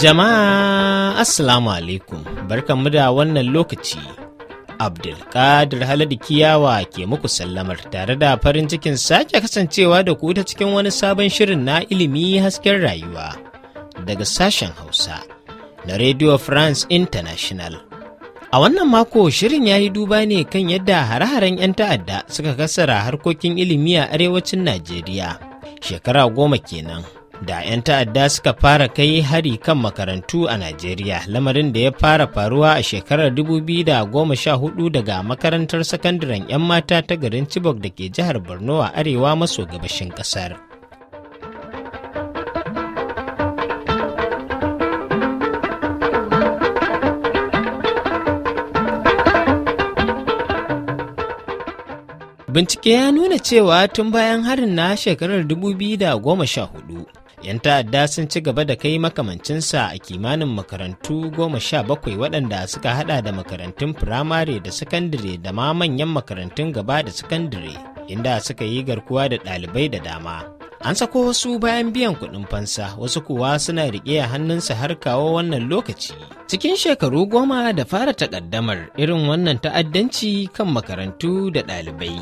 Jama'a Assalamu alaikum barkanmu da wannan lokaci. Abdulkadir Haladu Kiyawa ke muku sallamar tare da farin cikin sake kasancewa da ku ta cikin wani sabon shirin na ilimi hasken rayuwa daga sashen Hausa na Radio France International. A wannan mako shirin ya yi duba ne kan yadda hare-haren 'yan ta'adda suka kasara harkokin ilimi a arewacin Najeriya shekara goma kenan. da 'yan ta'adda suka fara kai hari kan makarantu a Najeriya lamarin da ya fara faruwa a shekarar 2014 daga makarantar sakandaren 'yan mata ta garin Chibok da ke jihar Borno a arewa maso gabashin kasar. Bincike ya nuna cewa tun bayan harin na shekarar 2014 'yan ta'adda sun ci gaba da kai makamancinsa a kimanin makarantu goma sha bakwai waɗanda suka hada da makarantun firamare da sakandare da ma manyan makarantun gaba da sakandare inda suka yi garkuwa da ɗalibai da dama an sako wasu bayan biyan kuɗin fansa wasu kuwa suna riƙe a hannunsa har kawo wannan lokaci cikin shekaru goma da fara takaddamar irin wannan ta'addanci kan makarantu da ɗalibai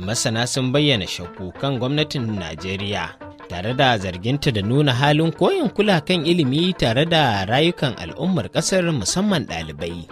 masana sun bayyana shakku kan gwamnatin najeriya tare da zarginta da nuna halin koyon kula kan ilimi tare da rayukan al'ummar ƙasar musamman ɗalibai.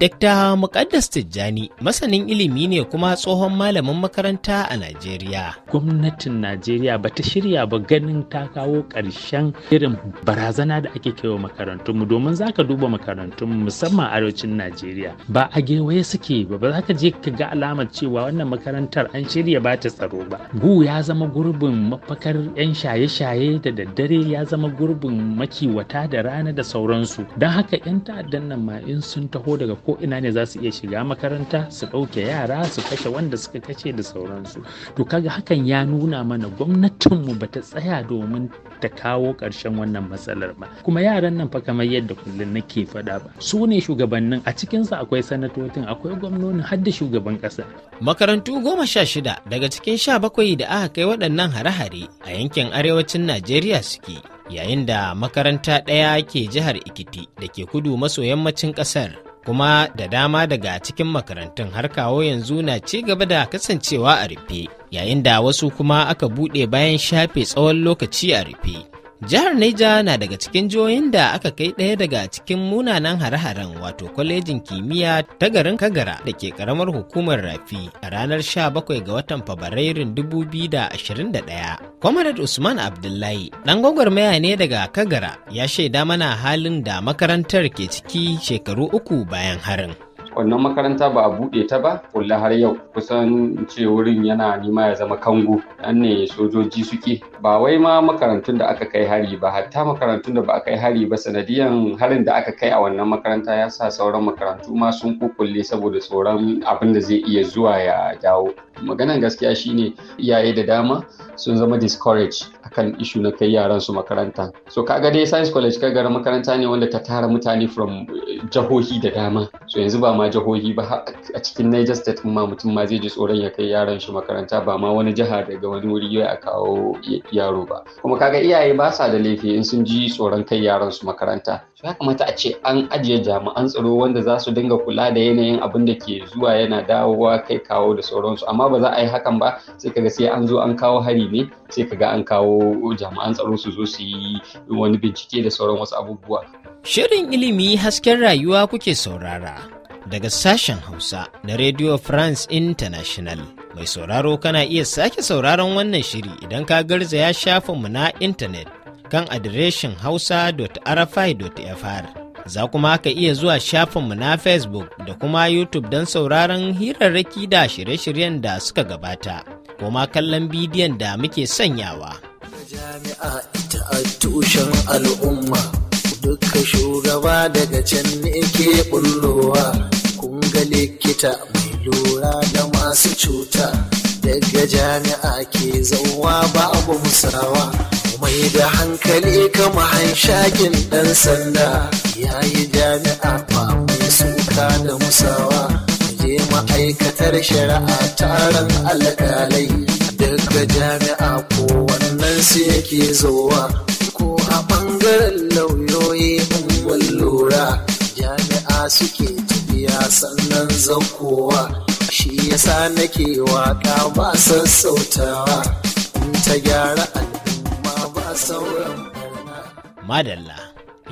Dr. Muqaddas Tijjani masanin ilimi ne kuma tsohon malamin makaranta a Najeriya. Gwamnatin Najeriya ba ta shirya ba ganin ta kawo ƙarshen irin barazana da ake kaiwa makarantunmu domin za ka duba makarantunmu musamman arewacin Najeriya ba a gewaye suke ba ba za ka je ka ga alamar cewa wannan makarantar an shirya ba ta tsaro ba. Gu ya zama gurbin mafakar 'yan shaye-shaye da daddare ya zama gurbin makiwata da rana da sauransu. Don haka 'yan ta'addan nan ma in sun taho daga daga ko ina ne za su iya shiga makaranta su ɗauke yara su kashe wanda suka kashe da sauransu to kaga hakan ya nuna mana gwamnatinmu ba ta tsaya domin ta kawo ƙarshen wannan matsalar ba kuma yaran nan fa kamar yadda kullum nake faɗa ba su ne shugabannin a cikinsu akwai sanatocin akwai gwamnonin har da shugaban ƙasa makarantu goma sha shida daga cikin sha bakwai da aka kai waɗannan hare-hare a yankin arewacin najeriya suke yayin da makaranta ɗaya ke jihar ikiti da ke kudu maso yammacin ƙasar kuma da dama daga cikin makarantun har kawo yanzu na ci gaba da kasancewa a rufe yayin da wasu kuma aka buɗe bayan shafe tsawon lokaci a rufe Jihar Neja na daga cikin jihohin da aka kai ɗaya daga cikin munanan hare-haren wato kwalejin kimiyya ta garin Kagara da ke karamar hukumar Rafi a ranar 17 ga watan Fabrairun 2021. Comrade Usman Abdullahi, ɗan gwagwarmaya ne daga Kagara, ya shaida mana halin da makarantar ke ciki shekaru uku bayan harin. wannan makaranta ba a buɗe ta ba kulle har yau kusan ce wurin yana nima ya zama kango nan ne sojoji suke ba wai ma makarantun da aka kai hari ba hatta makarantun da ba a kai hari ba sanadiyan harin da aka kai a wannan makaranta ya sa sauran makarantu ma sun kukulle saboda tsoron abin da zai iya zuwa ya dawo maganan gaskiya shine iyaye da dama sun zama discourage akan ishu na kai yaran su makaranta so kaga dai science college kaga makaranta ne wanda ta tara mutane from eh, jahohi da dama so yanzu ba ma jahohi ba a cikin Niger state ma mutum ma zai ji tsoron ya kai yaran shi makaranta ba ma wani jiha daga wani wuri ya a kawo yaro ba kuma kaga iyaye ba sa da laifi in sun ji tsoron kai yaran su makaranta so ya kamata a ce an ajiye jami'an tsaro wanda za su dinga kula da yanayin abin da ke zuwa yana dawowa kai kawo da sauransu amma amma ba za a yi hakan ba sai kaga sai an zo an kawo hari ne sai kaga an kawo jami'an tsaro su zo su yi wani bincike da sauran wasu abubuwa shirin ilimi hasken rayuwa kuke saurara daga sashen hausa na radio france international mai sauraro kana iya sake sauraron wannan shiri idan ka garza garzaya shafinmu na intanet kan adireshin hausa.rfi.fr. Za kuma ka iya zuwa shafinmu na Facebook da kuma YouTube don sauraron hirarraki da shirye-shiryen da suka gabata, kuma kallon bidiyon da muke sanyawa. Jami'a ita a tushen al'umma, duka shugaba daga can ne ke bullowa, kun ga likita mai lura da masu cuta, daga jami'a ke zauwa babu musawa. mai da hankali kama hanshakin ɗan sanda ya yi jami'a ba mai suka da musawa je ma'aikatar shari'a taron alƙalai daga jami'a ko wannan su yake zowa ko a ɓangaren lauyoyi mun lura jami'a suke tafiya sannan zaukowa shi yasa nake waka ba sassautawa in ta gyara Madalla,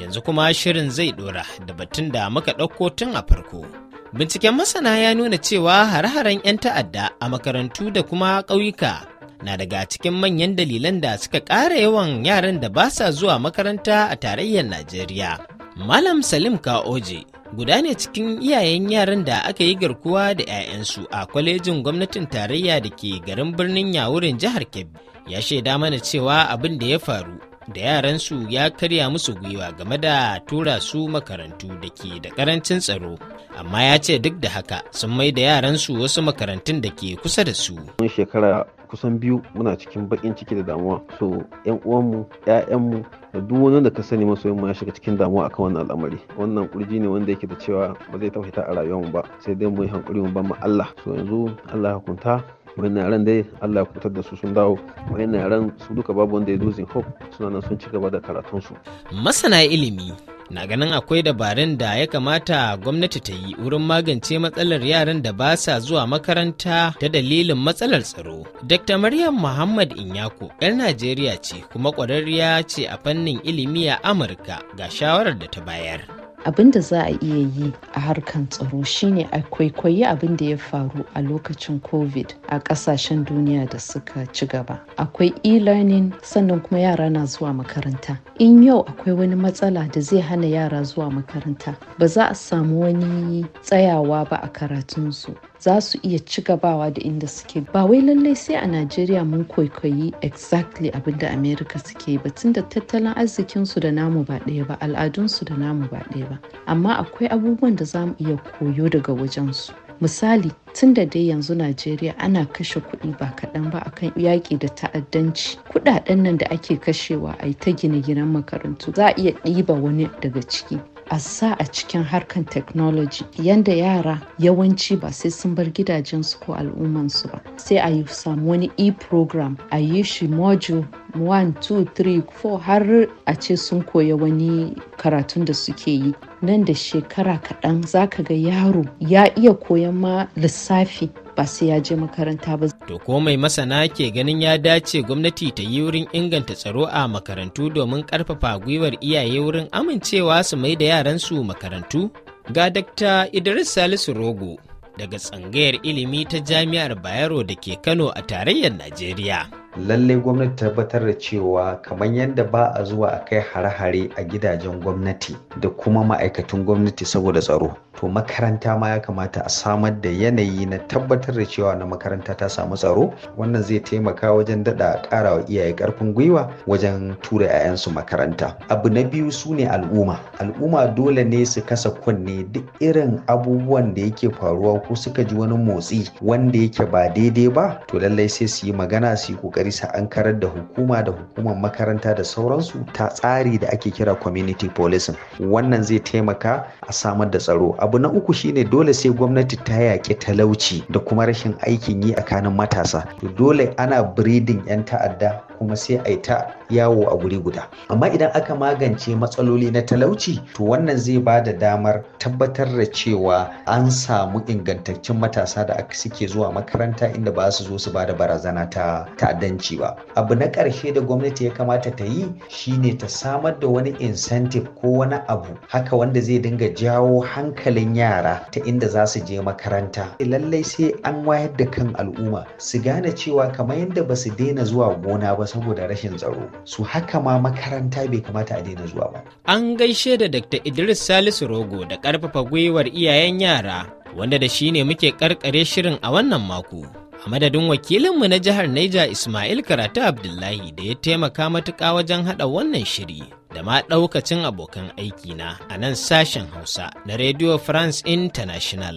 yanzu kuma shirin zai ɗora da batun da muka ɗauko tun a farko. Binciken masana ya nuna cewa hare-haren 'yan ta'adda a makarantu da kuma ƙauyuka na daga cikin manyan dalilan da suka ƙara yawan yaran da ba sa zuwa makaranta a tarayyar Najeriya. Malam Salim Ka'oje guda ne cikin iyayen yaran da aka yi garkuwa da 'ya'yansu a kwalejin gwamnatin tarayya da ke garin birnin Yawurin jihar Kebbi. Ya shaida mana cewa abin da ya faru da yaransu ya karya musu gwiwa game da tura su makarantu da ke da karancin tsaro amma ya ce duk da haka sun mai da yaransu wasu makarantun da ke kusa da su. shekara kusan biyu muna cikin baƙin ciki da damuwa so yan uwanmu ƴaƴanmu da duk wani da ka sani masoyin mu ya shiga cikin damuwa akan wannan al'amari wannan kurji ne wanda yake da cewa ba zai taɓa fita a rayuwarmu ba sai dai mu yi hankuri mu ban mu Allah so yanzu Allah ya hukunta wani yaran dai Allah ya kutar da su sun dawo wani yaran su duka babu wanda ya losing hope suna nan sun ci gaba da karatunsu masana ilimi na ganin akwai dabarun da ya kamata gwamnati ta yi wurin magance matsalar yaran da ba sa zuwa makaranta ta dalilin matsalar tsaro. Dr. Maryam Muhammad Inyako, 'yar Najeriya ce kuma ƙwararriya ce a fannin ilimi a Amurka ga shawarar da ta bayar. abin da za a iya yi a harkan tsaro shine a kwaikwayi abin da ya faru a lokacin covid a kasashen duniya da suka ci gaba akwai e-learning sannan kuma yara na zuwa makaranta in yau akwai wani matsala da zai hana yara zuwa makaranta ba za a samu wani tsayawa ba a karatunsu za su iya ci gabawa da inda suke ba wai lallai sai a najeriya mun kwaikwayi exactly abin da america suke ba da tattalin arzikinsu da namu ba ɗaya ba al'adunsu da namu ba ɗaya ba amma akwai abubuwan da za mu iya koyo daga wajen su misali tun da dai yanzu najeriya ana kashe kuɗi ba kaɗan ba akan yaƙi da ta'addanci kuɗaɗen nan da ake kashewa a ta gine-ginen makarantu za a iya ɗiba wani daga ciki a sa a cikin harkan technology yanda yara yawanci ba sai sun bar gidajensu ko al'ummansu ba sai a yi samu wani e-program a yi shi module 1 2 3 4 har a ce sun koya wani karatun da suke yi nan da shekara kaɗan za ka ga yaro ya iya koyan ma lissafi ba sai ya je makaranta ba. To ko mai masana ke ganin ya dace gwamnati ta yi wurin inganta tsaro a makarantu domin karfafa gwiwar iyaye wurin amincewa su mai da yaransu makarantu? Ga Dr. Idris Salisu Rogo daga tsangayar ilimi ta Jami'ar Bayero da ke Kano a tarayyar Najeriya. lallai gwamnati tabbatar da cewa kamar yadda ba a zuwa a kai hare-hare a gidajen gwamnati da kuma ma'aikatan gwamnati saboda tsaro to makaranta ma ya kamata a samar da yanayi na tabbatar da cewa na makaranta ta samu tsaro wannan zai taimaka wajen daɗa kara wa iyaye karfin gwiwa wajen tura 'ya'yansu makaranta abu na biyu su ne al'umma al'umma dole ne su kasa kunne duk irin abubuwan da yake faruwa ko suka ji wani motsi wanda yake ba daidai ba to lallai sai su yi magana su yi kokari su ankarar da hukuma da hukumar makaranta da sauransu ta tsari da ake kira community policing wannan zai taimaka a samar da tsaro abu na uku shine dole sai gwamnati ta yaƙi talauci da kuma rashin aikin yi a matasa to dole ana breeding 'yan ta'adda kuma sai a yi ta yawo a guri guda amma idan aka magance matsaloli na talauci to wannan zai ba da damar tabbatar da cewa an samu ingantaccen matasa da aka suke zuwa makaranta inda ba su zo su ba da barazana ta ta'addanci ba abu na ƙarshe da gwamnati ya kamata ta yi shine ta samar da wani incentive ko wani abu haka wanda zai dinga jawo hankalin yara ta inda za su je makaranta lallai sai an wayar da kan al'umma su gane cewa kamar yadda ba su daina zuwa gona ba saboda rashin tsaro su haka ma makaranta bai kamata a daina zuwa ba an gaishe da dr idris salisu rogo da ƙarfafa gwiwar iyayen yara wanda da shi ne muke karkare shirin a wannan mako a madadin wakilinmu na jihar Niger Ismail Karatu Abdullahi da ya taimaka matuƙa wajen haɗa wannan shiri da ma ɗaukacin abokan aiki na a nan sashen Hausa na Radio France International.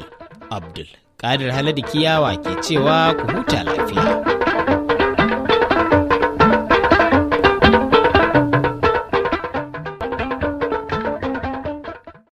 Abdul, Kadir Haladu Kiyawa ke cewa ku huta lafiya.